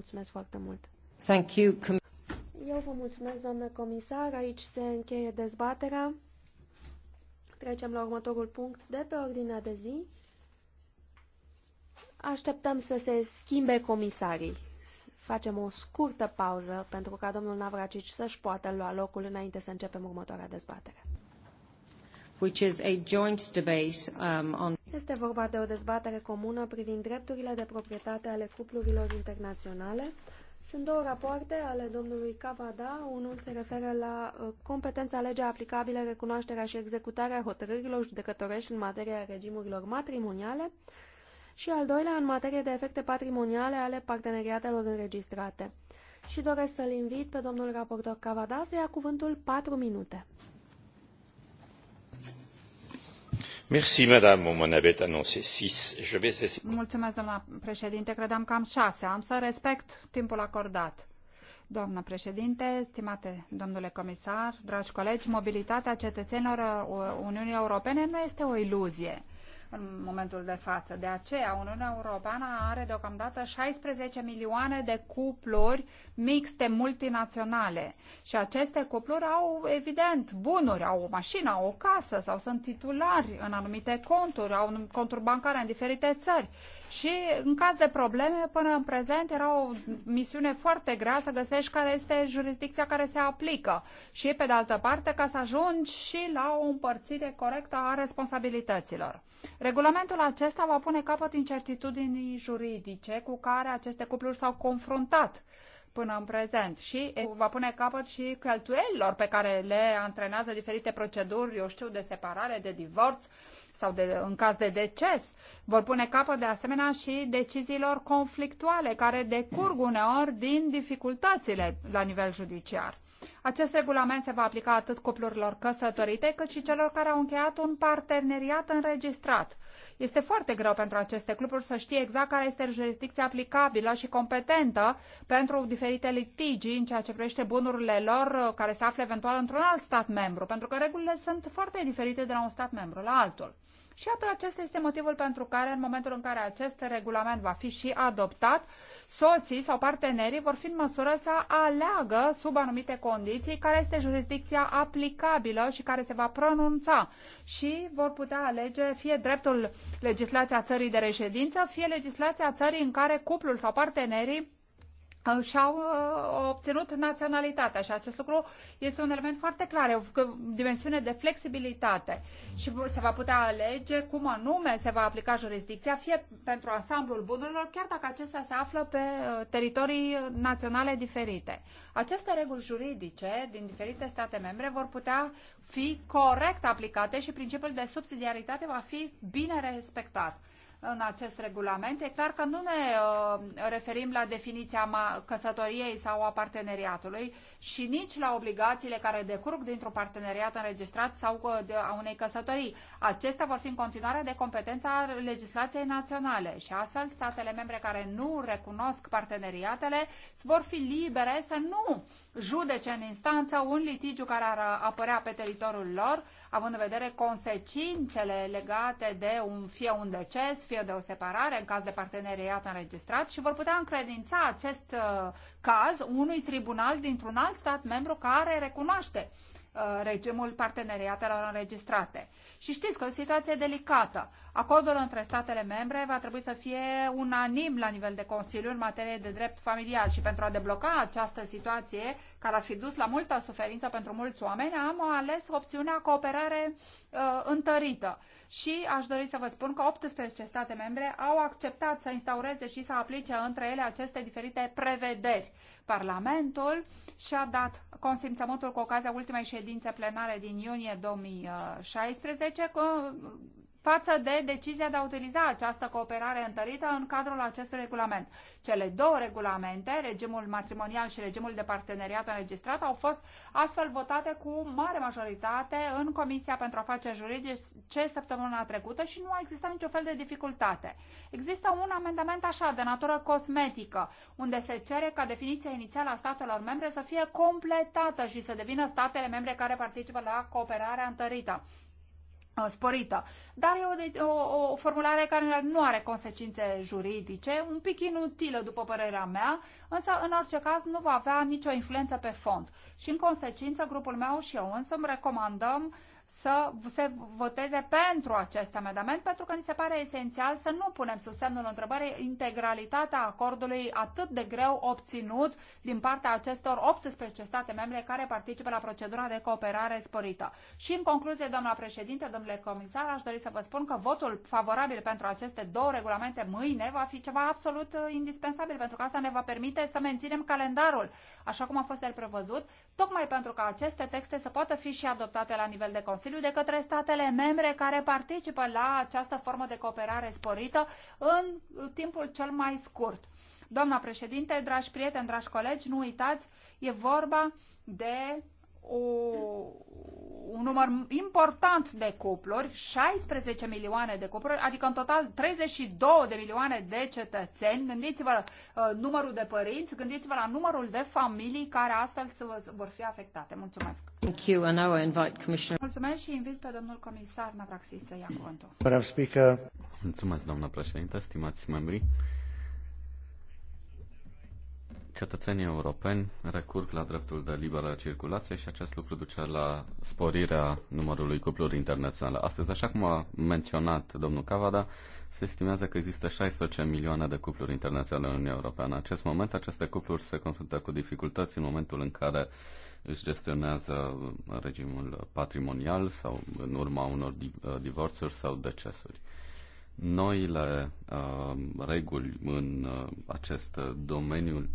Mulțumesc foarte mult. Thank you. Eu vă mulțumesc, doamnă comisar. Aici se încheie dezbaterea. Trecem la următorul punct de pe ordinea de zi. Așteptăm să se schimbe comisarii. Facem o scurtă pauză pentru ca domnul Navracici să-și poată lua locul înainte să începem următoarea dezbatere. Which is a joint debate um, on este vorba de o dezbatere comună privind drepturile de proprietate ale cuplurilor internaționale. Sunt două rapoarte ale domnului Cavada. Unul se referă la uh, competența legea aplicabilă, recunoașterea și executarea hotărârilor judecătorești în materia regimurilor matrimoniale și al doilea în materie de efecte patrimoniale ale parteneriatelor înregistrate. Și doresc să-l invit pe domnul raportor Cavada să ia cuvântul 4 minute. Mulțumesc, președinte. Credeam că am șase. Am să respect timpul acordat. Doamnă președinte, stimate domnule comisar, dragi colegi, mobilitatea cetățenilor uh, Uniunii Europene nu este o iluzie în momentul de față. De aceea, Uniunea Europeană are deocamdată 16 milioane de cupluri mixte multinaționale și aceste cupluri au, evident, bunuri, au o mașină, au o casă sau sunt titulari în anumite conturi, au conturi bancare în diferite țări și în caz de probleme, până în prezent era o misiune foarte grea să găsești care este jurisdicția care se aplică și, pe de altă parte, ca să ajungi și la o împărțire corectă a responsabilităților. Regulamentul acesta va pune capăt incertitudinii juridice cu care aceste cupluri s-au confruntat până în prezent și va pune capăt și cheltuielilor pe care le antrenează diferite proceduri, eu știu, de separare, de divorț sau de, în caz de deces. Vor pune capăt de asemenea și deciziilor conflictuale care decurg uneori din dificultățile la nivel judiciar. Acest regulament se va aplica atât cuplurilor căsătorite, cât și celor care au încheiat un parteneriat înregistrat. Este foarte greu pentru aceste cluburi să știe exact care este jurisdicția aplicabilă și competentă pentru diferite litigii în ceea ce privește bunurile lor care se află eventual într-un alt stat membru, pentru că regulile sunt foarte diferite de la un stat membru la altul. Și atât acesta este motivul pentru care, în momentul în care acest regulament va fi și adoptat, soții sau partenerii vor fi în măsură să aleagă, sub anumite condiții, care este jurisdicția aplicabilă și care se va pronunța și vor putea alege fie dreptul legislația țării de reședință, fie legislația țării în care cuplul sau partenerii și-au uh, obținut naționalitatea și acest lucru este un element foarte clar, o dimensiune de flexibilitate și se va putea alege cum anume se va aplica jurisdicția, fie pentru ansamblul bunurilor, chiar dacă acestea se află pe uh, teritorii naționale diferite. Aceste reguli juridice din diferite state membre vor putea fi corect aplicate și principiul de subsidiaritate va fi bine respectat în acest regulament, e clar că nu ne uh, referim la definiția căsătoriei sau a parteneriatului și nici la obligațiile care decurg dintr-un parteneriat înregistrat sau a unei căsătorii. Acestea vor fi în continuare de competența legislației naționale și astfel statele membre care nu recunosc parteneriatele vor fi libere să nu judece în instanță un litigiu care ar apărea pe teritoriul lor, având în vedere consecințele legate de un, fie un deces, fie de o separare în caz de parteneriat înregistrat și vor putea încredința acest uh, caz unui tribunal dintr-un alt stat membru care recunoaște uh, Uh, regimul parteneriatelor înregistrate. Și știți că o situație delicată. Acordul între statele membre va trebui să fie unanim la nivel de Consiliu în materie de drept familial și pentru a debloca această situație care ar fi dus la multă suferință pentru mulți oameni, am ales opțiunea cooperare uh, întărită. Și aș dori să vă spun că 18 state membre au acceptat să instaureze și să aplice între ele aceste diferite prevederi Parlamentul și-a dat consimțământul cu ocazia ultimei ședințe plenare din iunie 2016 față de decizia de a utiliza această cooperare întărită în cadrul acestui regulament. Cele două regulamente, regimul matrimonial și regimul de parteneriat înregistrat, au fost astfel votate cu mare majoritate în Comisia pentru Afaceri Juridice săptămâna trecută și nu a existat niciun fel de dificultate. Există un amendament așa, de natură cosmetică, unde se cere ca definiția inițială a statelor membre să fie completată și să devină statele membre care participă la cooperarea întărită. Uh, sporită. Dar e o, o, o formulare care nu are consecințe juridice, un pic inutilă după părerea mea, însă în orice caz nu va avea nicio influență pe fond. Și în consecință, grupul meu și eu însă îmi recomandăm să se voteze pentru acest amendament, pentru că ni se pare esențial să nu punem sub semnul întrebării integralitatea acordului atât de greu obținut din partea acestor 18 state membre care participă la procedura de cooperare sporită. Și în concluzie, doamna președinte, domnule comisar, aș dori să vă spun că votul favorabil pentru aceste două regulamente mâine va fi ceva absolut uh, indispensabil, pentru că asta ne va permite să menținem calendarul, așa cum a fost el prevăzut, tocmai pentru ca aceste texte să poată fi și adoptate la nivel de Consiliu de către statele membre care participă la această formă de cooperare sporită în timpul cel mai scurt. Doamna președinte, dragi prieteni, dragi colegi, nu uitați, e vorba de o, un număr important de cupluri, 16 milioane de cupluri, adică în total 32 de milioane de cetățeni. Gândiți-vă uh, numărul de părinți, gândiți-vă la numărul de familii care astfel se vor fi afectate. Mulțumesc! Thank you, and now I invite Commissioner. Mulțumesc și invit pe domnul comisar Navraxis să ia cuvântul. Mulțumesc, doamnă președinte, stimați membrii. Cetățenii europeni recurg la dreptul de liberă circulație și acest lucru duce la sporirea numărului cuplurilor internaționale. Astăzi, așa cum a menționat domnul Cavada, se estimează că există 16 milioane de cupluri internaționale în Uniunea Europeană. În acest moment, aceste cupluri se confruntă cu dificultăți în momentul în care își gestionează regimul patrimonial sau în urma unor uh, divorțuri sau decesuri noile uh, reguli în uh, acest domeniu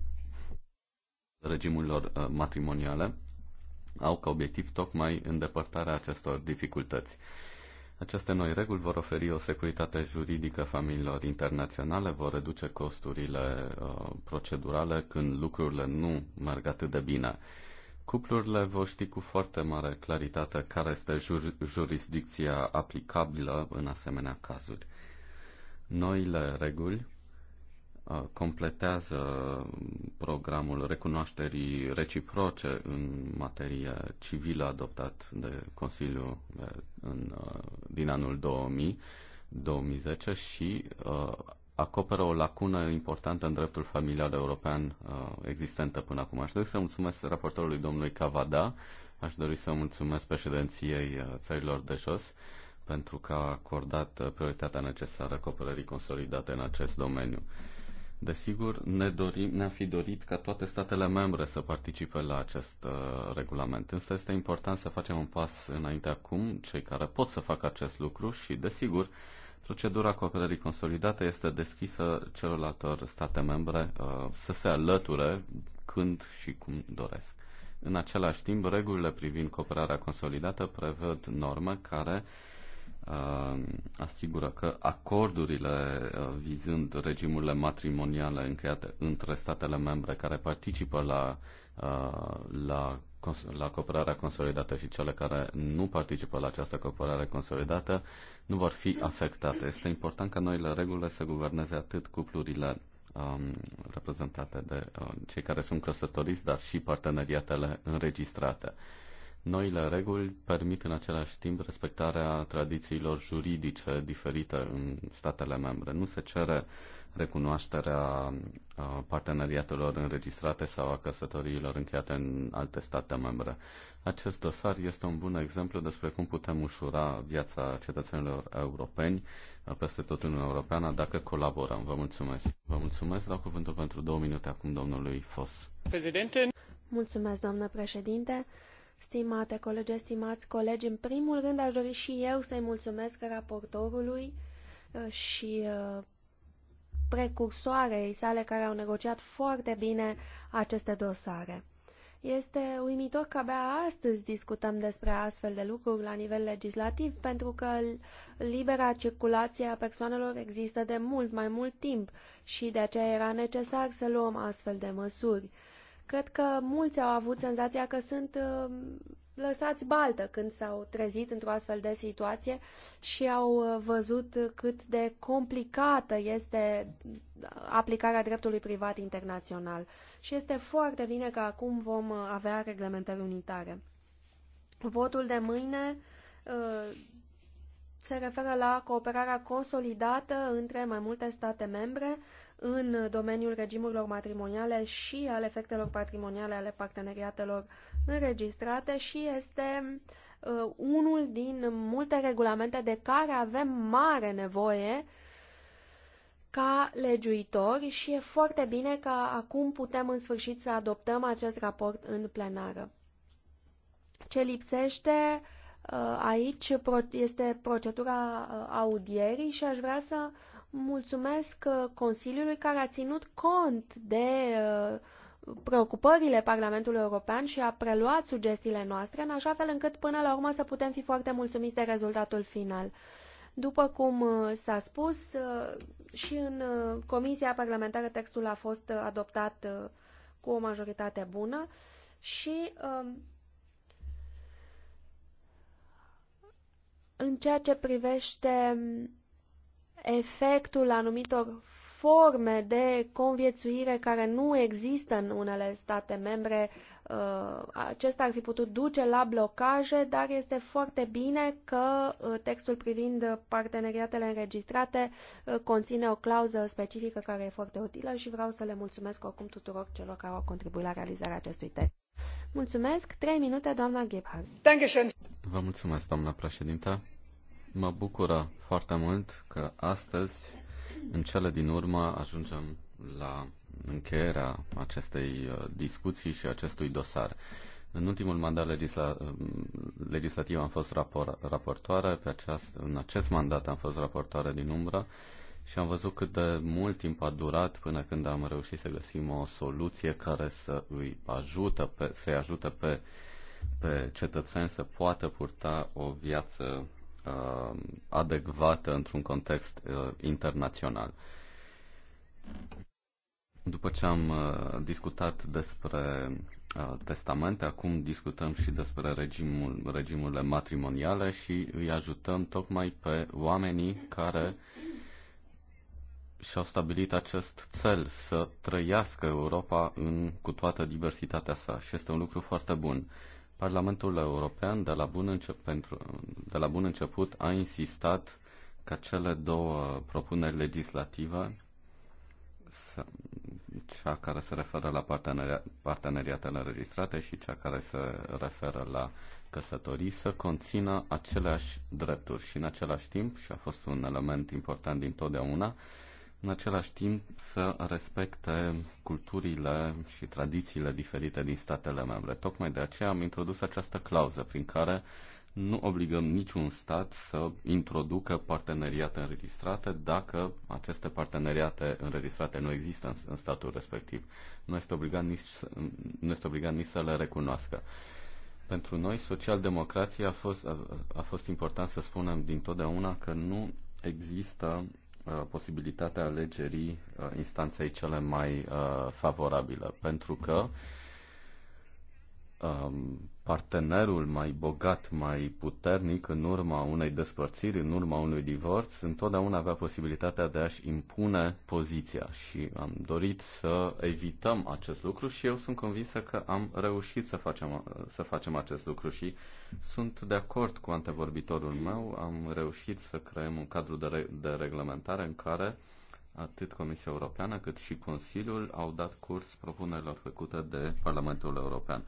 regimurilor uh, matrimoniale au ca obiectiv tocmai îndepărtarea acestor dificultăți. Aceste noi reguli vor oferi o securitate juridică familiilor internaționale, vor reduce costurile uh, procedurale când lucrurile nu merg atât de bine. Cuplurile vor ști cu foarte mare claritate care este jur- jurisdicția aplicabilă în asemenea cazuri. Noile reguli Uh, completează programul recunoașterii reciproce în materie civilă adoptat de Consiliul uh, în, uh, din anul 2000, 2010 și uh, acoperă o lacună importantă în dreptul familial european uh, existentă până acum. Aș dori să mulțumesc raportorului domnului Cavada, aș dori să mulțumesc președinției țărilor de jos pentru că a acordat prioritatea necesară cooperării consolidate în acest domeniu. Desigur, ne dorim, ne-am fi dorit ca toate statele membre să participe la acest uh, regulament, însă este important să facem un pas înainte acum, cei care pot să facă acest lucru și, desigur, procedura cooperării consolidate este deschisă celorlalte state membre uh, să se alăture când și cum doresc. În același timp, regulile privind cooperarea consolidată prevăd norme care uh, Uh, asigură că acordurile uh, vizând regimurile matrimoniale încheiate între statele membre care participă la, uh, la, la cooperarea consolidată și cele care nu participă la această cooperare consolidată nu vor fi afectate. Este important ca noile regulile să guverneze atât cuplurile um, reprezentate de um, cei care sunt căsătoriți, dar și parteneriatele înregistrate. Noile reguli permit în același timp respectarea tradițiilor juridice diferite în statele membre. Nu se cere recunoașterea uh, parteneriatelor înregistrate sau a căsătoriilor încheiate în alte state membre. Acest dosar este un bun exemplu despre cum putem ușura viața cetățenilor europeni uh, peste tot în Uniunea Europeană dacă colaborăm. Vă mulțumesc. Vă mulțumesc. Dau cuvântul pentru două minute acum domnului Fos. Președinte. Mulțumesc, doamnă președinte. Stimate colegi, stimați colegi, în primul rând aș dori și eu să-i mulțumesc raportorului uh, și uh, precursoarei sale care au negociat foarte bine aceste dosare. Este uimitor că abia astăzi discutăm despre astfel de lucruri la nivel legislativ, pentru că libera circulație a persoanelor există de mult mai mult timp și de aceea era necesar să luăm astfel de măsuri. Cred că mulți au avut senzația că sunt uh, lăsați baltă când s-au trezit într-o astfel de situație și au uh, văzut cât de complicată este uh, aplicarea dreptului privat internațional. Și este foarte bine că acum vom avea reglementări unitare. Votul de mâine se referă la cooperarea consolidată între mai multe state membre în domeniul regimurilor matrimoniale și al efectelor patrimoniale ale parteneriatelor înregistrate și este uh, unul din multe regulamente de care avem mare nevoie ca legiuitori și e foarte bine că acum putem în sfârșit să adoptăm acest raport în plenară. Ce lipsește uh, aici este procedura uh, audierii și aș vrea să Mulțumesc uh, Consiliului care a ținut cont de uh, preocupările Parlamentului European și a preluat sugestiile noastre, în așa fel încât până la urmă să putem fi foarte mulțumiți de rezultatul final. După cum uh, s-a spus, și în Comisia Parlamentară textul a fost adoptat cu o majoritate bună și um, în ceea ce privește um, efectul anumitor forme de conviețuire care nu există în unele state membre. Uh, acesta ar fi putut duce la blocaje, dar este foarte bine că uh, textul privind parteneriatele înregistrate uh, conține o clauză specifică care e foarte utilă și vreau să le mulțumesc oricum tuturor celor care au contribuit la realizarea acestui text. Mulțumesc. Trei minute, doamna Gebhardt. Vă mulțumesc, doamna președintă. Mă bucură foarte mult că astăzi, în cele din urmă, ajungem la încheierea acestei uh, discuții și acestui dosar. În ultimul mandat legisla, uh, legislativ am fost rapor, raportoare, pe aceast, în acest mandat am fost raportoare din umbră și am văzut cât de mult timp a durat până când am reușit să găsim o soluție care să îi ajută pe, să ajute pe, pe cetățeni să poată purta o viață uh, adecvată într-un context uh, internațional. După ce am uh, discutat despre uh, testamente, acum discutăm și despre regimul, regimurile matrimoniale și îi ajutăm tocmai pe oamenii care și-au stabilit acest cel să trăiască Europa în, cu toată diversitatea sa și este un lucru foarte bun. Uh, Parlamentul European de la bun, încep, pentru, de la bun început a insistat ca cele două propuneri legislative, cea care se referă la parteneria, parteneriatele înregistrate și cea care se referă la căsătorii, să conțină aceleași drepturi și în același timp, și a fost un element important din totdeauna, uh, în același timp să respecte culturile și tradițiile diferite din statele membre. Tocmai de aceea am introdus această clauză prin care nu obligăm niciun stat să introducă parteneriate înregistrate dacă aceste parteneriate înregistrate nu există în, în statul respectiv. Nu este, obligat nici, nu este obligat nici să le recunoască. Pentru noi, socialdemocrația a fost, a, a fost important să spunem din totdeauna că nu există Uh, posibilitatea alegerii uh, instanței cele mai uh, favorabile, pentru că um, partenerul mai bogat, mai puternic, în urma unei despărțiri, în urma unui divorț, întotdeauna avea posibilitatea de a-și impune poziția și am dorit să evităm acest lucru și eu sunt convinsă că am reușit să facem, să facem acest lucru și sunt de acord cu antevorbitorul meu, am reușit să creăm un cadru de, re- de reglementare în care atât Comisia Europeană cât și Consiliul au dat curs propunerilor făcute de Parlamentul European.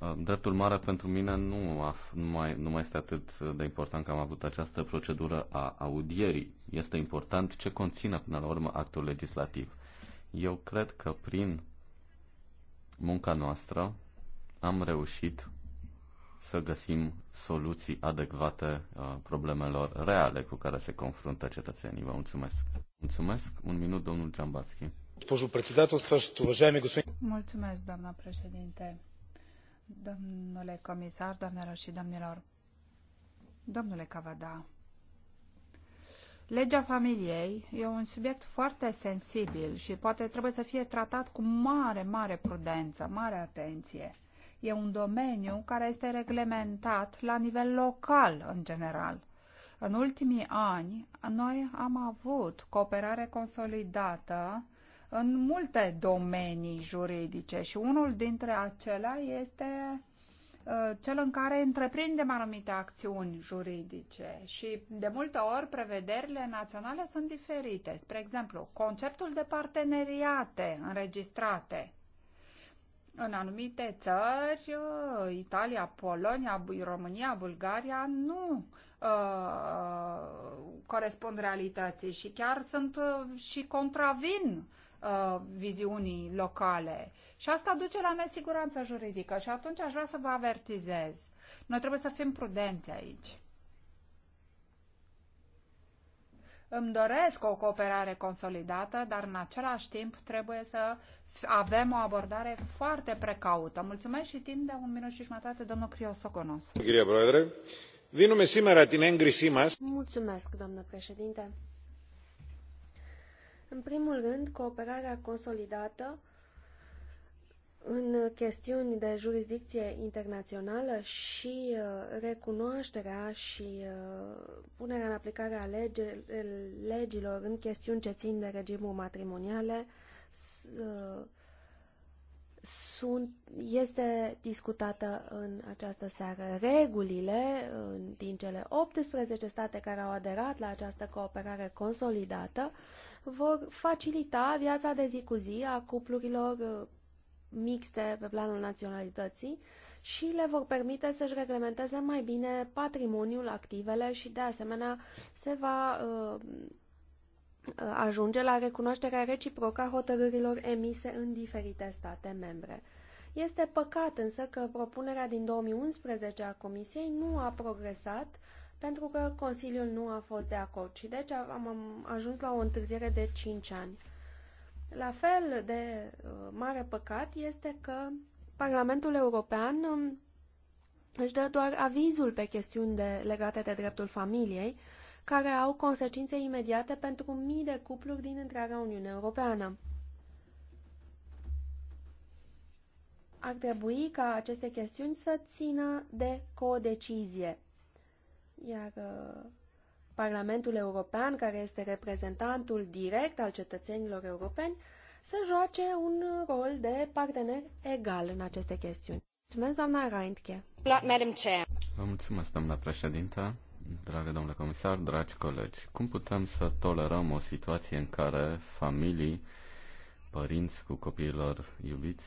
Uh, Dreptul mare pentru mine nu, a, nu, mai, nu mai este atât de important că am avut această procedură a audierii. Este important ce conține până la urmă actul legislativ. Eu cred că prin munca noastră am reușit să găsim soluții adecvate uh, problemelor reale cu care se confruntă cetățenii. Vă mulțumesc. Mulțumesc. Un minut, domnul Giambatski. Mulțumesc, doamna președinte domnule comisar, doamnelor și domnilor. Domnule Cavada, legea familiei e un subiect foarte sensibil și poate trebuie să fie tratat cu mare, mare prudență, mare atenție. E un domeniu care este reglementat la nivel local, în general. În ultimii ani, noi am avut cooperare consolidată în multe domenii juridice și unul dintre acelea este uh, cel în care întreprindem anumite acțiuni juridice și de multe ori prevederile naționale sunt diferite. Spre exemplu, conceptul de parteneriate înregistrate în anumite țări, uh, Italia, Polonia, România, Bulgaria, nu uh, corespund realității și chiar sunt uh, și contravin Uh, viziunii locale. Și asta duce la nesiguranță juridică și atunci aș vrea să vă avertizez. Noi trebuie să fim prudenți aici. Îmi doresc o cooperare consolidată, dar în același timp trebuie să avem o abordare foarte precaută. Mulțumesc și timp de un minut și jumătate, domnul Criosoconos. Mulțumesc, domnule președinte. În primul rând, cooperarea consolidată în chestiuni de jurisdicție internațională și uh, recunoașterea și uh, punerea în aplicare a legilor în chestiuni ce țin de regimul matrimoniale uh, sunt, este discutată în această seară. Regulile din cele 18 state care au aderat la această cooperare consolidată vor facilita viața de zi cu zi a cuplurilor uh, mixte pe planul naționalității și le vor permite să-și reglementeze mai bine patrimoniul, activele și, de asemenea, se va uh, uh ajunge la recunoașterea reciprocă a hotărârilor emise în diferite state membre. Este păcat însă că propunerea din 2011 a Comisiei nu a progresat pentru că Consiliul nu a fost de acord și deci am, am ajuns la o întârziere de 5 ani. La fel de uh, mare păcat este că Parlamentul European um, își dă doar avizul pe chestiuni de, legate de dreptul familiei, care au consecințe imediate pentru mii de cupluri din întreaga Uniune Europeană. Ar trebui ca aceste chestiuni să țină de codecizie iar uh, Parlamentul European, care este reprezentantul direct al cetățenilor europeni, să joace un rol de partener egal în aceste chestiuni. Mulțumesc, doamna Reintke. Vă mulțumesc, doamna președintă, dragă domnule comisar, dragi colegi. Cum putem să tolerăm o situație în care familii, părinți cu copiilor iubiți,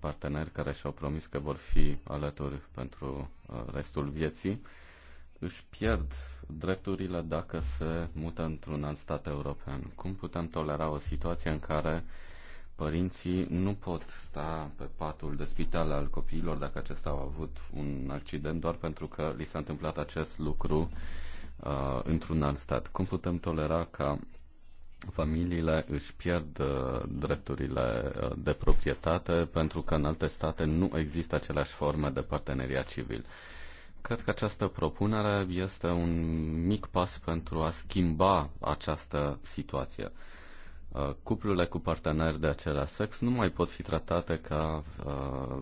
parteneri care și-au promis că vor fi alături pentru uh, restul vieții, își pierd drepturile dacă se mută într-un alt stat european. Cum putem tolera o situație în care părinții nu pot sta pe patul de spital al copiilor dacă acesta au avut un accident doar pentru că li s-a întâmplat acest lucru uh, într-un alt stat? Cum putem tolera ca familiile își pierd uh, drepturile uh, de proprietate pentru că în alte state nu există aceleași forme de parteneriat civil? Cred că această propunere este un mic pas pentru a schimba această situație. Uh, cuplurile cu parteneri de același sex nu mai pot fi tratate ca uh,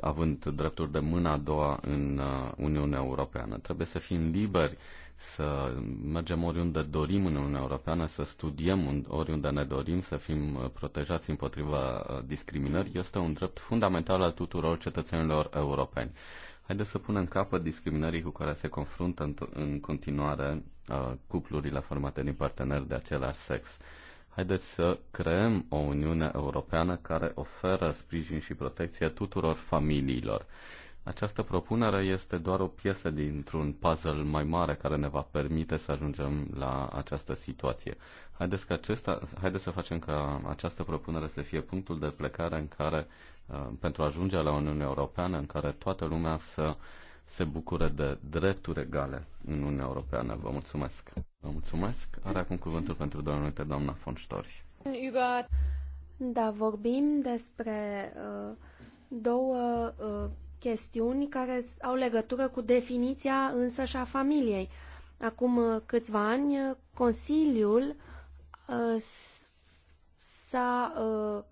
având drepturi de mâna a doua în uh, Uniunea Europeană. Trebuie să fim liberi să mergem oriunde dorim în Uniunea Europeană, să studiem oriunde ne dorim, să fim protejați împotriva discriminării, este un drept fundamental al tuturor cetățenilor europeni. Haideți să punem capăt discriminării cu care se confruntă în, în continuare uh, cuplurile formate din parteneri de același sex. Haideți să creăm o Uniune Europeană care oferă sprijin și protecție tuturor familiilor. Această propunere este doar o piesă dintr-un puzzle mai mare care ne va permite să ajungem la această situație. Haideți, că acesta, haideți să facem ca această propunere să fie punctul de plecare în care Uh, pentru a ajunge la Uniunea Europeană în care toată lumea să se bucure de drepturi egale în Uniunea Europeană. Vă mulțumesc. Vă mulțumesc. Are acum cuvântul pentru domnul minute doamna von Storch. Da, vorbim despre uh, două uh, chestiuni care au legătură cu definiția însă și a familiei. Acum uh, câțiva ani, uh, Consiliul uh, s-a uh,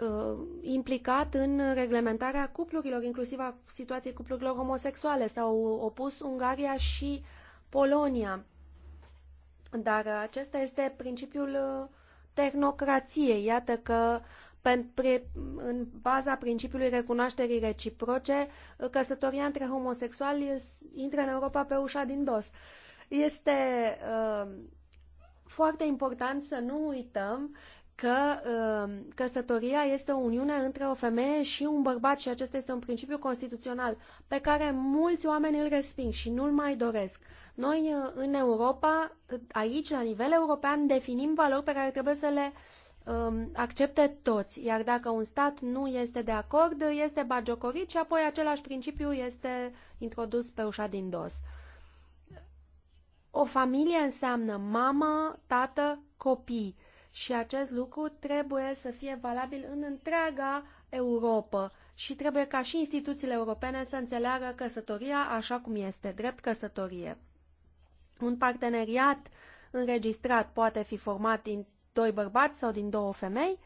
Uh, implicat în reglementarea cuplurilor, inclusiv a situației cuplurilor homosexuale. S-au opus Ungaria și Polonia. Dar acesta este principiul uh, tehnocrației. Iată că în baza principiului recunoașterii reciproce, uh, căsătoria între homosexuali intră în Europa pe ușa din dos. Este uh, foarte important să nu uităm că um, căsătoria este o uniune între o femeie și un bărbat și acesta este un principiu constituțional pe care mulți oameni îl resping și nu-l mai doresc. Noi uh, în Europa, aici, la nivel european, definim valori pe care trebuie să le uh, accepte toți, iar dacă un stat nu este de acord, este bagiocorit și apoi același principiu este introdus pe ușa din dos. O familie înseamnă mamă, tată, copii și acest lucru trebuie să fie valabil în întreaga Europa și trebuie ca și instituțiile europene să înțeleagă căsătoria așa cum este, drept căsătorie. Un parteneriat înregistrat poate fi format din doi bărbați sau din două femei,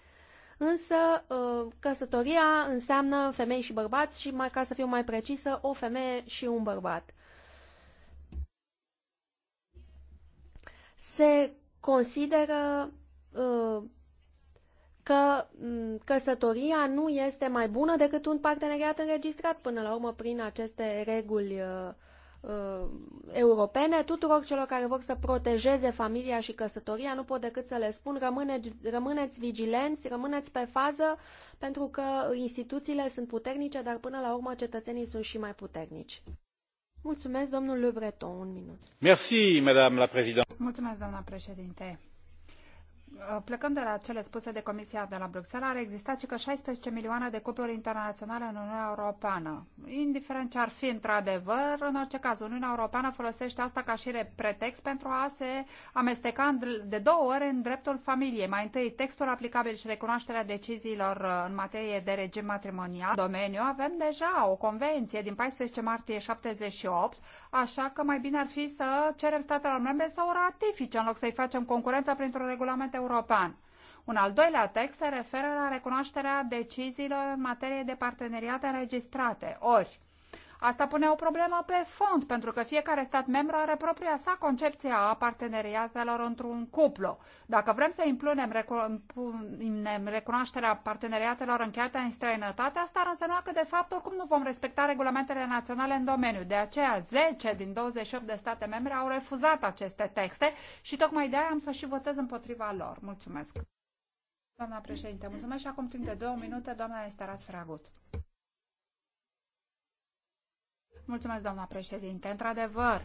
însă ă, căsătoria înseamnă femei și bărbați și, mai ca să fiu mai precisă, o femeie și un bărbat. Se consideră Uh, că mm, căsătoria nu este mai bună decât un parteneriat înregistrat până la urmă prin aceste reguli uh, uh, europene. Tuturor celor care vor să protejeze familia și căsătoria nu pot decât să le spun rămâneți, rămâneți vigilenți, rămâneți pe fază pentru că instituțiile sunt puternice, dar până la urmă cetățenii sunt și mai puternici. Mulțumesc, domnul Le Breton, un minut. Merci, madame la Mulțumesc, doamna președinte. Uh, plecând de la cele spuse de Comisia de la Bruxelles, ar exista circa 16 milioane de cupluri internaționale în Uniunea Europeană. Indiferent ce ar fi într-adevăr, în orice caz, Uniunea Europeană folosește asta ca și pretext pentru a se amesteca de două ori în dreptul familiei. Mai întâi, textul aplicabil și recunoașterea deciziilor uh, în materie de regim matrimonial. domeniu avem deja o convenție din 14 martie 78, așa că mai bine ar fi să cerem statelor membre să o ratifice în loc să-i facem concurența printr-un regulament european. Un al doilea text se referă la recunoașterea deciziilor în materie de parteneriate înregistrate. Ori, Asta pune o problemă pe fond, pentru că fiecare stat membru are propria sa concepție a parteneriatelor într-un cuplu. Dacă vrem să impunem, recunoașterea parteneriatelor încheiate în străinătate, asta ar însemna că, de fapt, oricum nu vom respecta regulamentele naționale în domeniu. De aceea, 10 din 28 de state membre au refuzat aceste texte și tocmai de aia am să și votez împotriva lor. Mulțumesc! Doamna președinte, mulțumesc și acum timp de două minute, doamna Esteras Fragut. Mulțumesc, doamna președinte. Într-adevăr,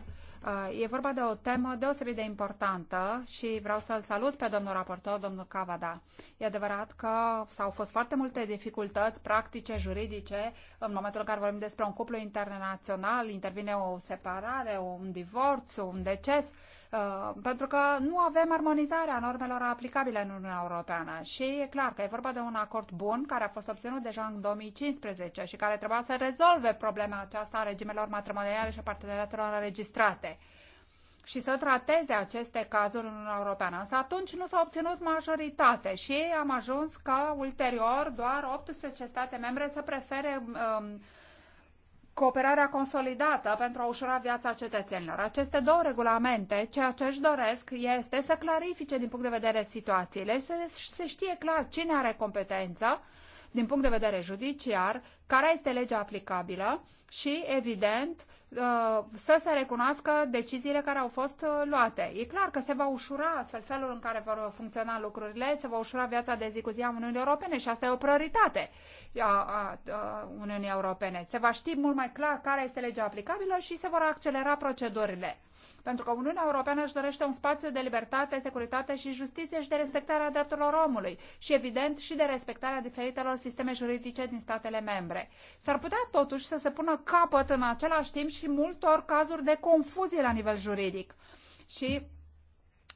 uh, e vorba de o temă deosebit de importantă și vreau să-l salut pe domnul raportor, domnul Cavada. E adevărat că s-au fost foarte multe dificultăți practice, juridice, în momentul în care vorbim despre un cuplu internațional, intervine o separare, un divorț, un deces Uh, pentru că nu avem armonizarea normelor aplicabile în Uniunea Europeană și e clar că e vorba de un acord bun care a fost obținut deja în 2015 și care trebuia să rezolve problema aceasta a regimelor matrimoniale și a parteneriatelor înregistrate și să trateze aceste cazuri în Uniunea Europeană. Însă atunci nu s-a obținut majoritate și am ajuns ca ulterior doar 18 state membre să prefere um, cooperarea consolidată pentru a ușura viața cetățenilor. Aceste două regulamente, ceea ce își doresc este să clarifice din punct de vedere situațiile, să se știe clar cine are competență din punct de vedere judiciar, care este legea aplicabilă și, evident, Uh, să se recunoască deciziile care au fost uh, luate. E clar că se va ușura astfel felul în care vor funcționa lucrurile, se va ușura viața de zi cu zi a Uniunii Europene și asta e o prioritate a, Uniunii Europene. Se va ști mult mai clar care este legea aplicabilă și se vor accelera procedurile. Pentru că Uniunea Europeană își dorește un spațiu de libertate, securitate și justiție și de respectarea drepturilor omului și, evident, și de respectarea diferitelor sisteme juridice din statele membre. S-ar putea totuși să se pună capăt în același timp și multor cazuri de confuzie la nivel juridic. Și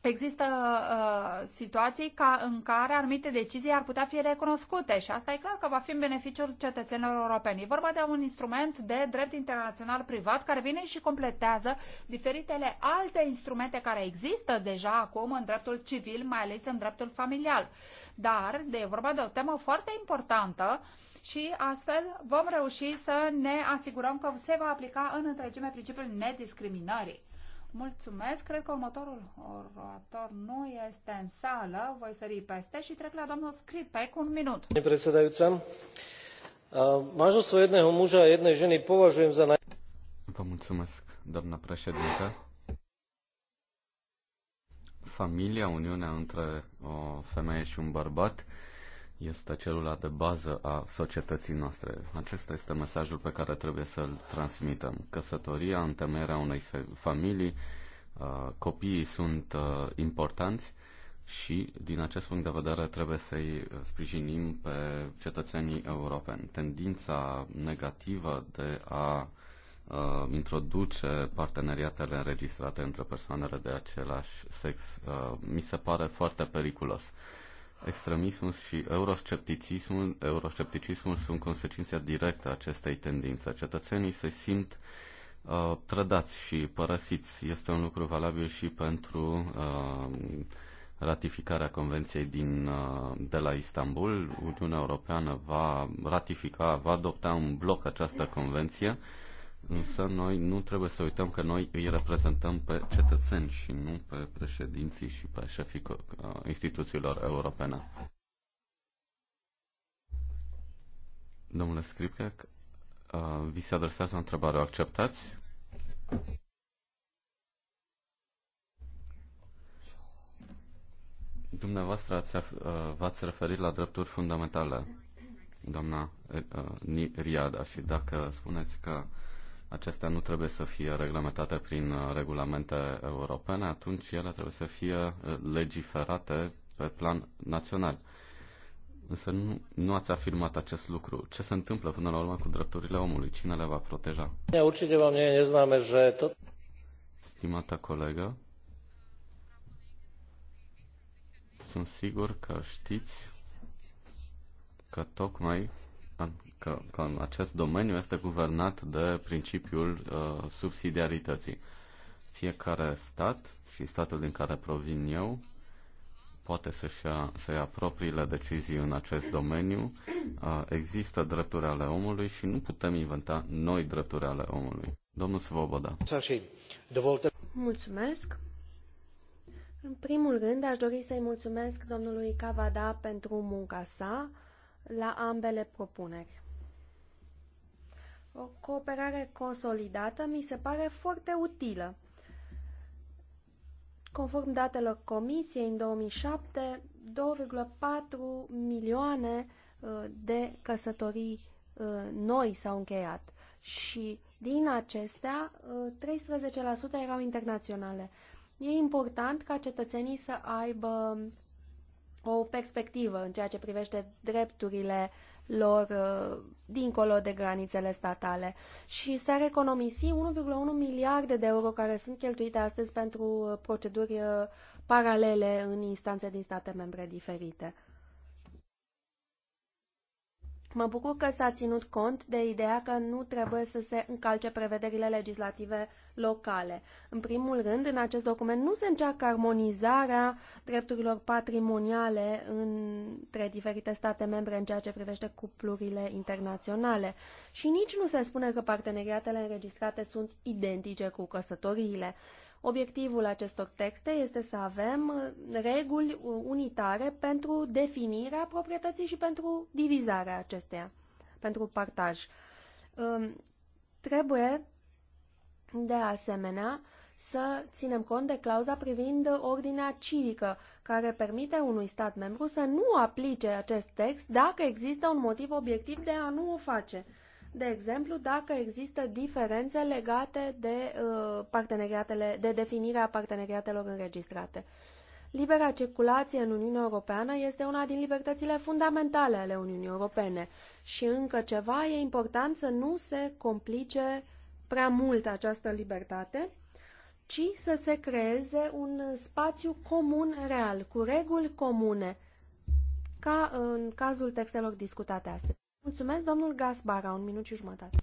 Există uh, situații ca, în care anumite decizii ar putea fi recunoscute și asta e clar că va fi în beneficiul cetățenilor europeni. E vorba de un instrument de drept internațional privat care vine și completează diferitele alte instrumente care există deja acum în dreptul civil, mai ales în dreptul familial. Dar de, e vorba de o temă foarte importantă și astfel vom reuși să ne asigurăm că se va aplica în întregime principiul nediscriminării. Mulțumesc, cred că următorul orator nu este în sală, voi sări peste și trec la domnul Scripec un minut. Manželstvo jedného muža a jednej ženy považujem za naj... Vă mulțumesc, doamna președintă. Familia, uniunea între o femeie și un bărbat, este celula de bază a societății noastre. Acesta este mesajul pe care trebuie să-l transmitem. Căsătoria, întemeierea unei familii, uh, copiii sunt uh, importanți și, din acest punct de vedere, trebuie să-i uh, sprijinim pe cetățenii europeni. Tendința negativă de a introduce parteneriatele înregistrate între persoanele de același sex mi se pare foarte periculos. Extremismul și euroscepticismul, euroscepticismul sunt consecința directă a acestei tendințe. Cetățenii se simt uh, trădați și părăsiți. Este un lucru valabil și pentru uh, ratificarea Convenției din, uh, de la Istanbul. Uniunea Europeană va ratifica, va adopta un bloc această convenție. Uh, Însă noi nu trebuie să uităm că noi îi reprezentăm pe cetățeni și nu pe președinții și pe șefii uh, instituțiilor europene. Domnule Scripca, uh, vi se adresează o întrebare. O acceptați? Dumneavoastră ați, uh, v-ați referit la drepturi fundamentale, doamna Riada, și dacă spuneți că acestea nu trebuie să fie reglementate prin uh, regulamente europene, atunci ele trebuie să fie uh, legiferate pe plan național. Însă nu, nu ați afirmat acest lucru. Ce se întâmplă până la urmă cu drepturile omului? Cine le va proteja? Stimată colegă, sunt sigur că știți că tocmai că, că acest domeniu este guvernat de principiul uh, subsidiarității. Fiecare stat și statul din care provin eu poate să-și ia, să ia propriile decizii în acest domeniu. Uh, există drepturi ale omului și nu putem inventa noi drepturi ale omului. Domnul Svoboda. Mulțumesc. În primul rând, aș dori să-i mulțumesc domnului Cavada pentru munca sa la ambele propuneri. O cooperare consolidată mi se pare foarte utilă. Conform datelor Comisiei, în 2007, 2,4 milioane uh, de căsătorii uh, noi s-au încheiat și din acestea, 13% uh, erau internaționale. E important ca cetățenii să aibă o perspectivă în ceea ce privește drepturile lor uh, dincolo de granițele statale. Și s-ar economisi 1,1 miliarde de euro care sunt cheltuite astăzi pentru uh, proceduri uh, paralele în instanțe din state membre diferite. Mă bucur că s-a ținut cont de ideea că nu trebuie să se încalce prevederile legislative locale. În primul rând, în acest document nu se încearcă armonizarea drepturilor patrimoniale între diferite state membre în ceea ce privește cuplurile internaționale și nici nu se spune că parteneriatele înregistrate sunt identice cu căsătoriile. Obiectivul acestor texte este să avem uh, reguli uh, unitare pentru definirea proprietății și pentru divizarea acesteia, pentru partaj. Um, trebuie, de asemenea, să ținem cont de clauza privind ordinea civică, care permite unui stat membru să nu aplice acest text dacă există un motiv obiectiv de a nu o face de exemplu, dacă există diferențe legate de, uh, parteneriatele, de definirea parteneriatelor înregistrate. Libera circulație în Uniunea Europeană este una din libertățile fundamentale ale Uniunii Europene și încă ceva e important să nu se complice prea mult această libertate, ci să se creeze un spațiu comun real, cu reguli comune, ca în cazul textelor discutate astăzi. Mulțumesc, domnul Gasbara, un minut și jumătate.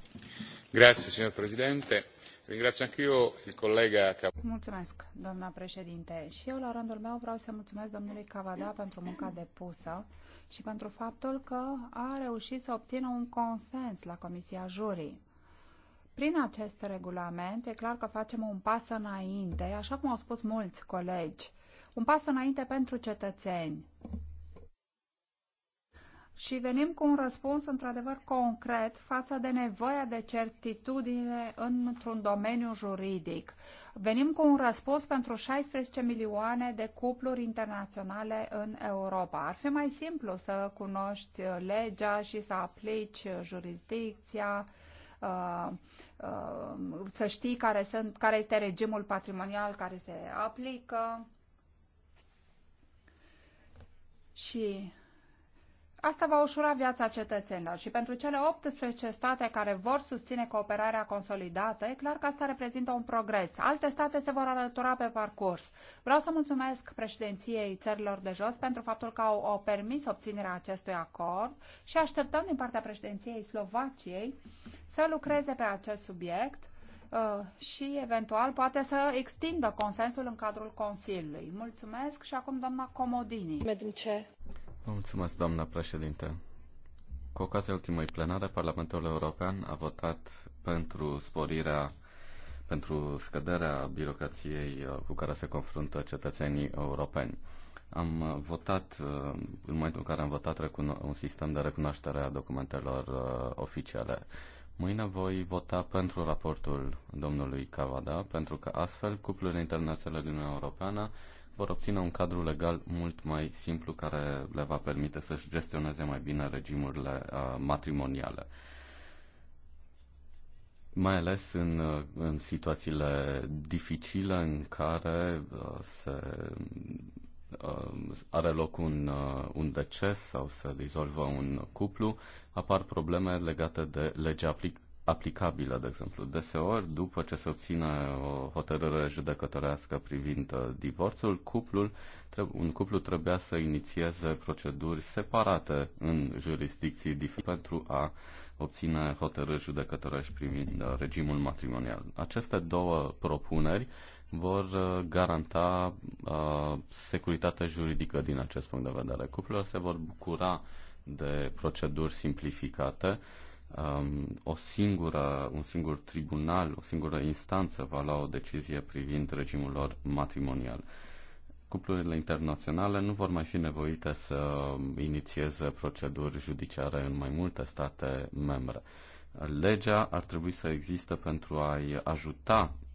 Grazie, signor Presidente. Ringrazio anch'io il collega Mulțumesc, doamna președinte. Și eu, la rândul meu, vreau să mulțumesc domnului Cavada pentru munca depusă și pentru faptul că a reușit să obțină un consens la Comisia Jurii. Prin acest regulament, e clar că facem un pas înainte, așa cum au spus mulți colegi, un pas înainte pentru cetățeni, și venim cu un răspuns într-adevăr concret față de nevoia de certitudine într-un domeniu juridic. Venim cu un răspuns pentru 16 milioane de cupluri internaționale în Europa. Ar fi mai simplu să cunoști legea și să aplici jurisdicția, uh, uh, să știi care, sunt, care este regimul patrimonial care se aplică. Și Asta va ușura viața cetățenilor și pentru cele 18 state care vor susține cooperarea consolidată, e clar că asta reprezintă un progres. Alte state se vor alătura pe parcurs. Vreau să mulțumesc președinției țărilor de jos pentru faptul că au, au permis obținerea acestui acord și așteptăm din partea președinției Slovaciei să lucreze pe acest subiect uh, și eventual poate să extindă consensul în cadrul Consiliului. Mulțumesc și acum doamna Comodini. Vă mulțumesc, doamna președinte. Cu ocazia ultimei plenare, Parlamentul European a votat pentru sporirea, pentru scăderea birocrației uh, cu care se confruntă cetățenii europeni. Am uh, votat, uh, în momentul în care am votat, un sistem de recunoaștere a documentelor oficiale. Mâine voi vota pentru raportul domnului Cavada, pentru că astfel cuplurile internaționale din Uniunea Europeană vor obține un cadru legal mult mai simplu care le va permite să-și gestioneze mai bine regimurile uh, matrimoniale mai ales în, uh, în situațiile dificile în care uh, se are loc un, un deces sau se dizolvă un cuplu, apar probleme legate de legea aplic- aplicabilă, de exemplu. Deseori, după ce se obține o hotărâre judecătorească privind uh, divorțul, cuplul, un cuplu trebuia să inițieze proceduri separate în jurisdicții diferite pentru a obține hotărâri judecătorești privind uh, regimul matrimonial. Aceste două propuneri vor uh, garanta uh, securitatea juridică din acest punct de vedere. Cuplurile se vor bucura de proceduri simplificate uh, um, o singură, un singur tribunal, o singură instanță va lua o decizie privind regimul lor matrimonial. Cuplurile internaționale nu vor mai fi nevoite să inițieze proceduri judiciare în mai multe state membre. Legea ar trebui să existe pentru a-i ajuta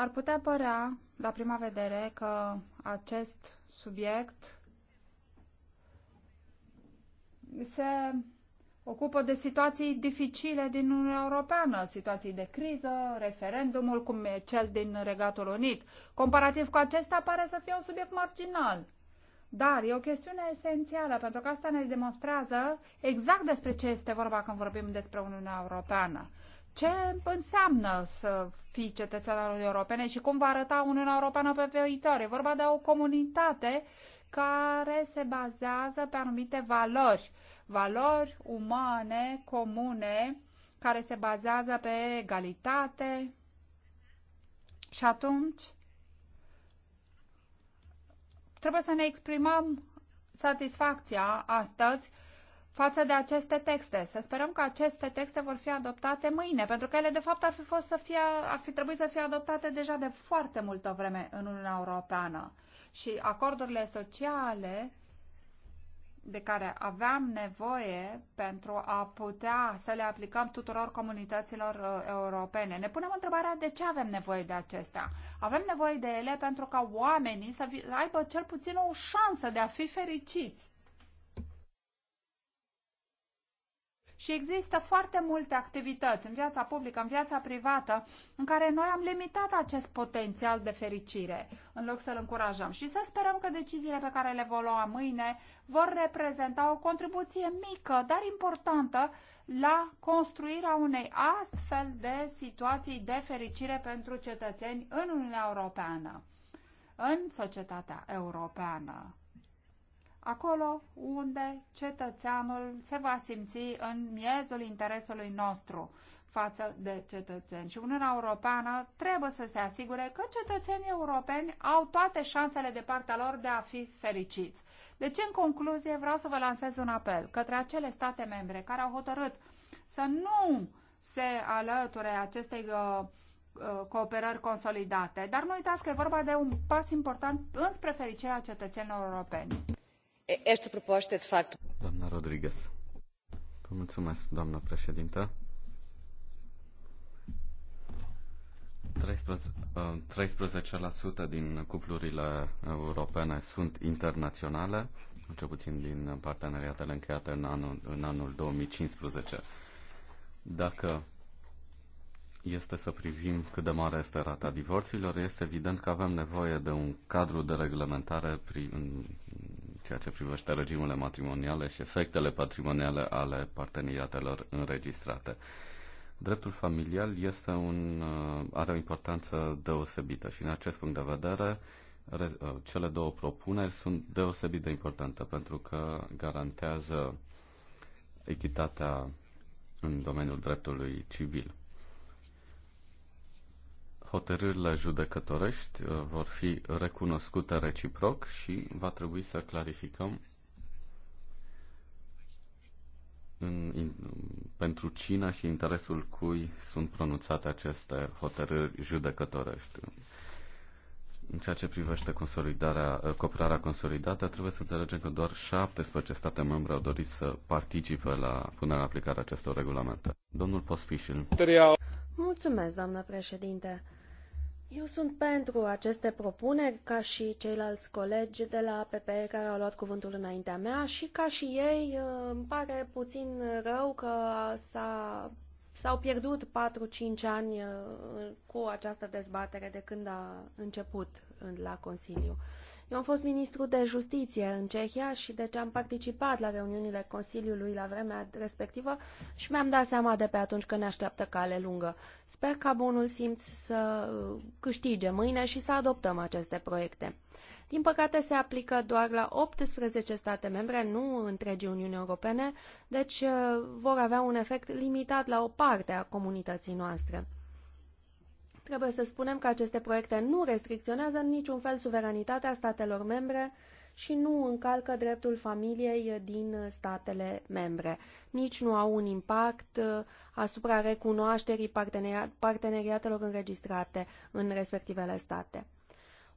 Ar putea părea, la prima vedere, că acest subiect se ocupă de situații dificile din Uniunea Europeană, situații de criză, referendumul cum e cel din Regatul Unit. Comparativ cu acesta pare să fie un subiect marginal. Dar e o chestiune esențială, pentru că asta ne demonstrează exact despre ce este vorba când vorbim despre Uniunea Europeană ce înseamnă să fii cetățean al Uniunii Europene și cum va arăta Uniunea Europeană pe viitor. E vorba de o comunitate care se bazează pe anumite valori, valori umane, comune, care se bazează pe egalitate. Și atunci trebuie să ne exprimăm satisfacția astăzi față de aceste texte. Să sperăm că aceste texte vor fi adoptate mâine, pentru că ele de fapt ar fi, fost să fie, ar fi trebuit să fie adoptate deja de foarte multă vreme în Uniunea Europeană. Și acordurile sociale de care aveam nevoie pentru a putea să le aplicăm tuturor comunităților uh, europene. Ne punem întrebarea de ce avem nevoie de acestea. Avem nevoie de ele pentru ca oamenii să aibă cel puțin o șansă de a fi fericiți Și există foarte multe activități în viața publică, în viața privată, în care noi am limitat acest potențial de fericire, în loc să-l încurajăm. Și să sperăm că deciziile pe care le vom lua mâine vor reprezenta o contribuție mică, dar importantă, la construirea unei astfel de situații de fericire pentru cetățeni în Uniunea Europeană, în societatea europeană acolo unde cetățeanul se va simți în miezul interesului nostru față de cetățeni. Și Uniunea Europeană trebuie să se asigure că cetățenii europeni au toate șansele de partea lor de a fi fericiți. Deci, în concluzie, vreau să vă lansez un apel către acele state membre care au hotărât să nu se alăture acestei uh, uh cooperări consolidate. Dar nu uitați că e vorba de un pas important înspre fericirea cetățenilor europeni. Esta proposta, de fapt. Doamna Rodriguez. Vă mulțumesc, doamna președintă. 13% ă, din cuplurile europene sunt internaționale, cel puțin din parteneriatele încheiate în anul, în anul 2015. Dacă este să privim cât de mare este rata divorților, este evident că avem nevoie de un cadru de reglementare ceea ce privește regimurile matrimoniale și efectele patrimoniale ale parteneriatelor înregistrate. Dreptul familial este un, uh, are o importanță deosebită și în acest punct de vedere uh, cele două propuneri sunt deosebit de importante pentru că garantează echitatea în domeniul dreptului civil hotărârile judecătorești uh, vor fi recunoscute reciproc și va trebui să clarificăm în, in, pentru cine și interesul cui sunt pronunțate aceste hotărâri judecătorești. În ceea ce privește consolidarea, uh, cooperarea consolidată, trebuie să înțelegem că doar 17 state membre au dorit să participe la punerea în aplicare acestor regulamente. Domnul Pospișil. Mulțumesc, doamnă președinte. Eu sunt pentru aceste propuneri, ca și ceilalți colegi de la PPE care au luat cuvântul înaintea mea și ca și ei, uh, îmi pare puțin rău că s-a, s-au pierdut 4-5 ani uh, cu această dezbatere de când a început la Consiliu. Eu am fost ministru de justiție în Cehia și deci am participat la reuniunile Consiliului la vremea respectivă și mi-am dat seama de pe atunci că ne așteaptă cale lungă. Sper ca bunul simț să uh, câștige mâine și să adoptăm aceste proiecte. Din păcate se aplică doar la 18 state membre, nu întregii Uniuni Europene, deci uh, vor avea un efect limitat la o parte a comunității noastre. Trebuie să spunem că aceste proiecte nu restricționează în niciun fel suveranitatea statelor membre și nu încalcă dreptul familiei din statele membre. Nici nu au un impact uh, asupra recunoașterii parteneriatelor înregistrate în respectivele state.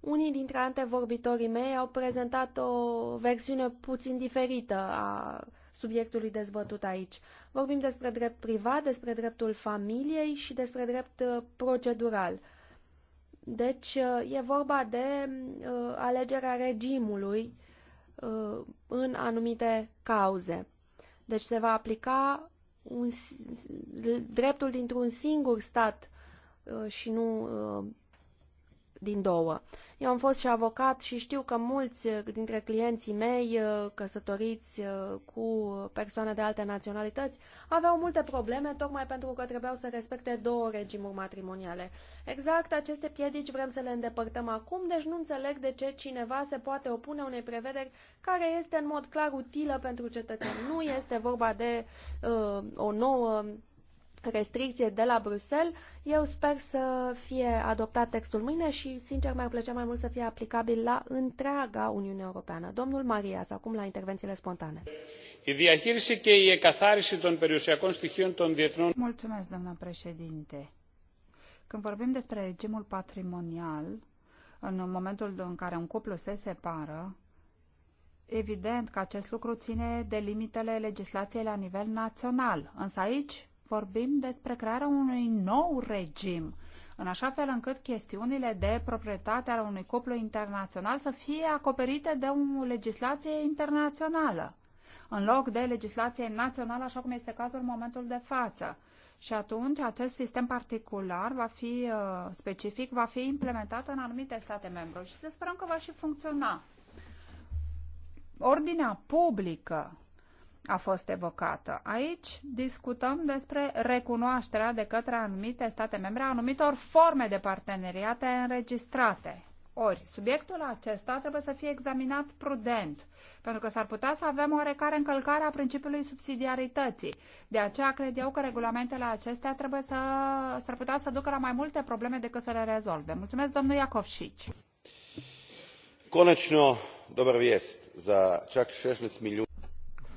Unii dintre antevorbitorii mei au prezentat o versiune puțin diferită a subiectului dezbătut aici. Vorbim despre drept privat, despre dreptul familiei și despre drept uh, procedural. Deci uh, e vorba de uh, alegerea regimului uh, în anumite cauze. Deci se va aplica un, dreptul dintr-un singur stat uh, și nu uh, din două. Eu am fost și avocat și știu că mulți uh, dintre clienții mei uh, căsătoriți uh, cu persoane de alte naționalități aveau multe probleme tocmai pentru că trebuiau să respecte două regimuri matrimoniale. Exact aceste piedici vrem să le îndepărtăm acum, deci nu înțeleg de ce cineva se poate opune unei prevederi care este în mod clar utilă pentru cetățeni. Nu este vorba de uh, o nouă restricție de la Bruxelles. Eu sper să fie adoptat textul mâine și, sincer, mi-ar plăcea mai mult să fie aplicabil la întreaga Uniune Europeană. Domnul Marias, acum la intervențiile spontane. Mulțumesc, doamna președinte. Când vorbim despre regimul patrimonial, în momentul în care un cuplu se separă, evident că acest lucru ține de limitele legislației la nivel național. Însă aici vorbim despre crearea unui nou regim, în așa fel încât chestiunile de proprietate ale unui cuplu internațional să fie acoperite de o legislație internațională, în loc de legislație națională, așa cum este cazul în momentul de față. Și atunci acest sistem particular va fi uh, specific, va fi implementat în anumite state membre și să sperăm că va și funcționa ordinea publică a fost evocată. Aici discutăm despre recunoașterea de către anumite state membre a anumitor forme de parteneriate înregistrate. Ori, subiectul acesta trebuie să fie examinat prudent, pentru că s-ar putea să avem oarecare încălcare a principiului subsidiarității. De aceea cred eu că regulamentele acestea trebuie să, s-ar putea să ducă la mai multe probleme decât să le rezolve. Mulțumesc, domnul Iacovșici. Conačno, dobar viest, za čak 16 milioane.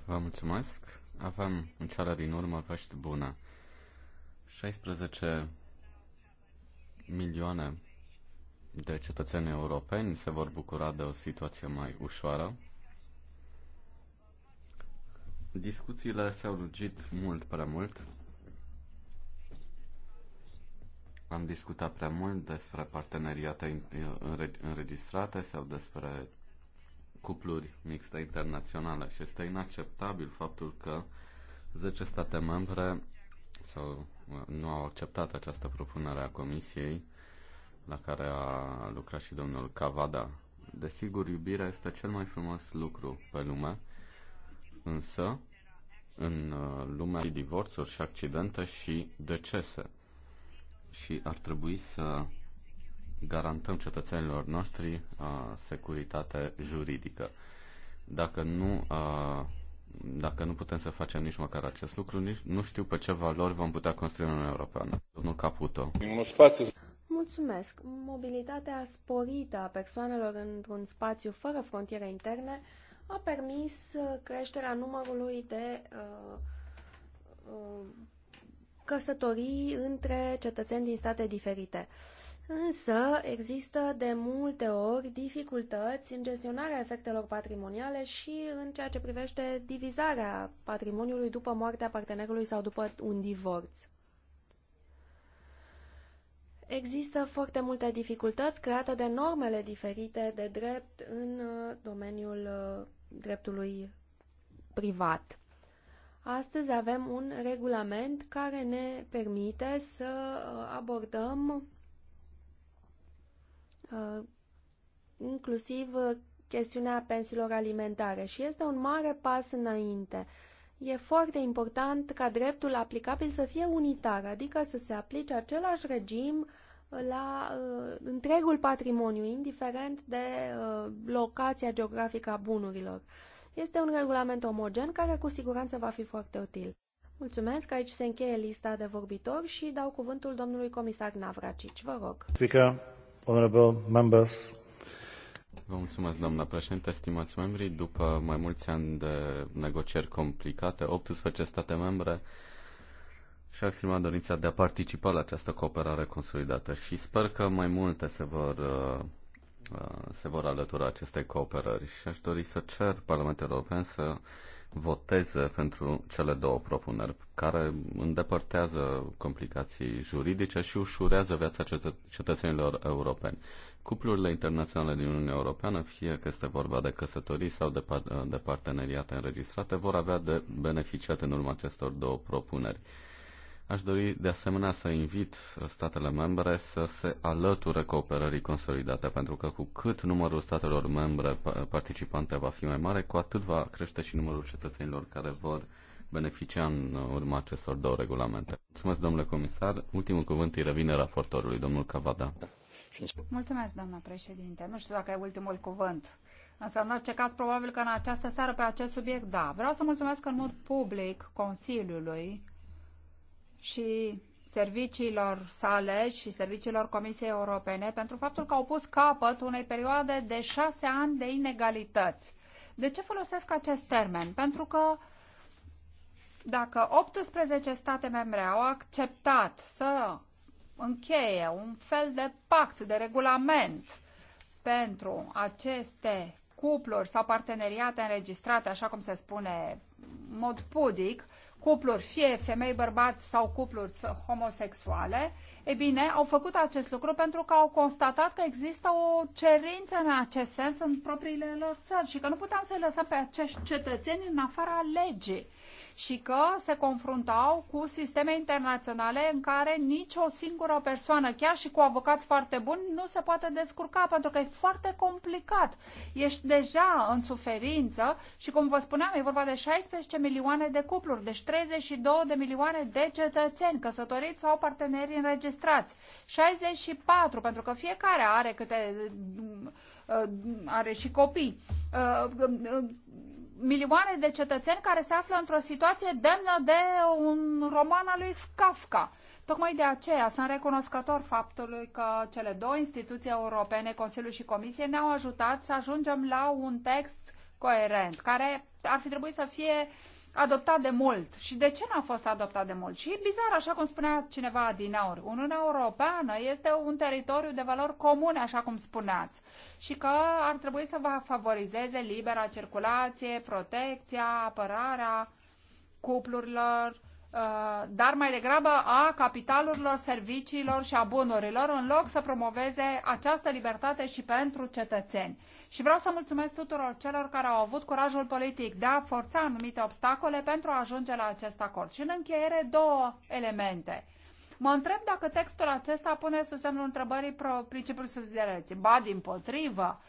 Vă mulțumesc. Avem în cele din urmă vești bună. 16 milioane de cetățeni europeni se vor bucura de o situație mai ușoară. Discuțiile s-au lungit mult prea mult. Am discutat prea mult despre parteneriate înregistrate sau despre cupluri mixte internaționale și este inacceptabil faptul că 10 state membre sau uh, nu au acceptat această propunere a Comisiei la care a lucrat și domnul Cavada. Desigur, iubirea este cel mai frumos lucru pe lume, însă în uh, lumea și divorțuri și accidente și decese. Și ar trebui să garantăm cetățenilor noștri uh, securitate juridică. Dacă nu, uh, dacă nu putem să facem nici măcar acest lucru, nici nu știu pe ce valori vom putea construi Uniunea Europeană. Domnul Caputo. Mulțumesc. Mobilitatea sporită a persoanelor într-un spațiu fără frontiere interne a permis uh, creșterea numărului de uh, uh, căsătorii între cetățeni din state diferite. Uh, Însă există de multe ori dificultăți în gestionarea efectelor patrimoniale și în ceea ce privește divizarea patrimoniului după moartea partenerului sau după un divorț. Există foarte multe dificultăți create de normele diferite de drept în uh, domeniul uh, dreptului privat. Astăzi avem un regulament care ne permite să uh, abordăm Uh, inclusiv uh, chestiunea pensiilor alimentare și este un mare pas înainte. E foarte important ca dreptul aplicabil să fie unitar, adică să se aplice același regim la uh, întregul patrimoniu, indiferent de uh, locația geografică a bunurilor. Este un regulament omogen care cu siguranță va fi foarte util. Mulțumesc, aici se încheie lista de vorbitori și dau cuvântul domnului comisar Navracici. Vă rog. Fica. Vă mulțumesc, doamna președinte, stimați membri. După mai mulți ani de negocieri complicate, 18 state membre și-au exprimat dorința de a participa la această cooperare consolidată și sper că mai multe se vor, uh, uh, se vor alătura acestei cooperări și aș dori să cer Parlamentul European să voteze pentru cele două propuneri, care îndepărtează complicații juridice și ușurează viața cetățenilor europeni. Cuplurile internaționale din Uniunea Europeană, fie că este vorba de căsătorii sau de, par- de parteneriate înregistrate, vor avea de beneficiat în urma acestor două propuneri. Aș dori de asemenea să invit statele membre să se alăture cooperării consolidate, pentru că cu cât numărul statelor membre participante va fi mai mare, cu atât va crește și numărul cetățenilor care vor beneficia în urma acestor două regulamente. Mulțumesc, domnule comisar. Ultimul cuvânt îi revine raportorului, domnul Cavada. Mulțumesc, doamna președinte. Nu știu dacă e ultimul cuvânt. Însă, în orice caz, probabil că în această seară pe acest subiect, da. Vreau să mulțumesc în mod public Consiliului și serviciilor sale și serviciilor Comisiei Europene pentru faptul că au pus capăt unei perioade de șase ani de inegalități. De ce folosesc acest termen? Pentru că dacă 18 state membre au acceptat să încheie un fel de pact, de regulament pentru aceste cupluri sau parteneriate înregistrate, așa cum se spune în mod pudic, cupluri, fie femei, bărbați sau cupluri homosexuale, e bine, au făcut acest lucru pentru că au constatat că există o cerință în acest sens în propriile lor țări și că nu puteam să-i lăsăm pe acești cetățeni în afara legii și că se confruntau cu sisteme internaționale în care nicio singură persoană, chiar și cu avocați foarte buni, nu se poate descurca pentru că e foarte complicat. Ești deja în suferință și, cum vă spuneam, e vorba de 16 milioane de cupluri, deci 32 de milioane de cetățeni căsătoriți sau parteneri înregistrați. 64, pentru că fiecare are câte mm, mm, are și copii. Uh, uh, milioane de cetățeni care se află într-o situație demnă de un roman al lui Kafka. Tocmai de aceea sunt recunoscător faptului că cele două instituții europene, Consiliul și Comisie, ne-au ajutat să ajungem la un text coerent, care ar fi trebuit să fie uh, adoptat de mult. Și de ce n-a fost adoptat de mult? Și e bizar, așa cum spunea cineva din aur. Uniunea Europeană este un teritoriu de valori comune, așa cum spuneați, și că ar trebui să vă favorizeze libera circulație, protecția, apărarea cuplurilor, Uh, dar mai degrabă a capitalurilor, serviciilor și a bunurilor, în loc să promoveze această libertate și pentru cetățeni. Și vreau să mulțumesc tuturor celor care au avut curajul politic de a forța anumite obstacole pentru a ajunge la acest acord. Și în încheiere, două elemente. Mă întreb dacă textul acesta pune sub semnul întrebării pro principiul subsidiarității. Ba, din potrivă,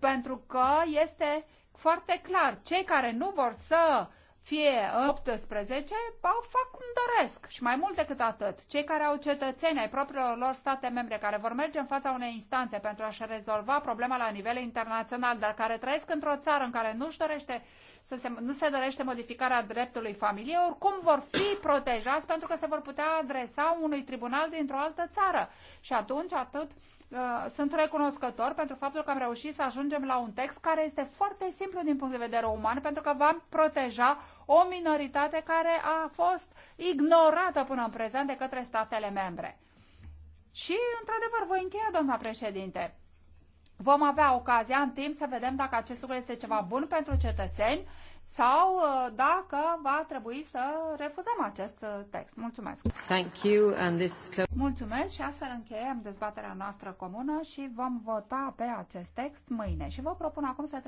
pentru că este foarte clar, cei care nu vor să uh, fie 18, au, fac cum doresc. Și mai mult decât atât, cei care au cetățenii ai propriilor lor state membre, care vor merge în fața unei instanțe pentru a-și rezolva problema la nivel internațional, dar care trăiesc într-o țară în care nu-și dorește să se, nu se dorește modificarea dreptului familiei, oricum vor fi protejați pentru că se vor putea adresa unui tribunal dintr-o altă țară. Și atunci, atât, uh, sunt recunoscător pentru faptul că am reușit să ajungem la un text care este foarte simplu din punct de vedere uman, pentru că va proteja o minoritate care a fost ignorată până în prezent de către statele membre. Și, într-adevăr, voi încheia, doamna președinte. Vom avea ocazia în timp să vedem dacă acest lucru este ceva bun pentru cetățeni sau uh, dacă va trebui să refuzăm acest uh, text. Mulțumesc! Thank you and this... Mulțumesc și astfel încheiem dezbaterea noastră comună și vom vota pe acest text mâine. Și vă propun acum să trecem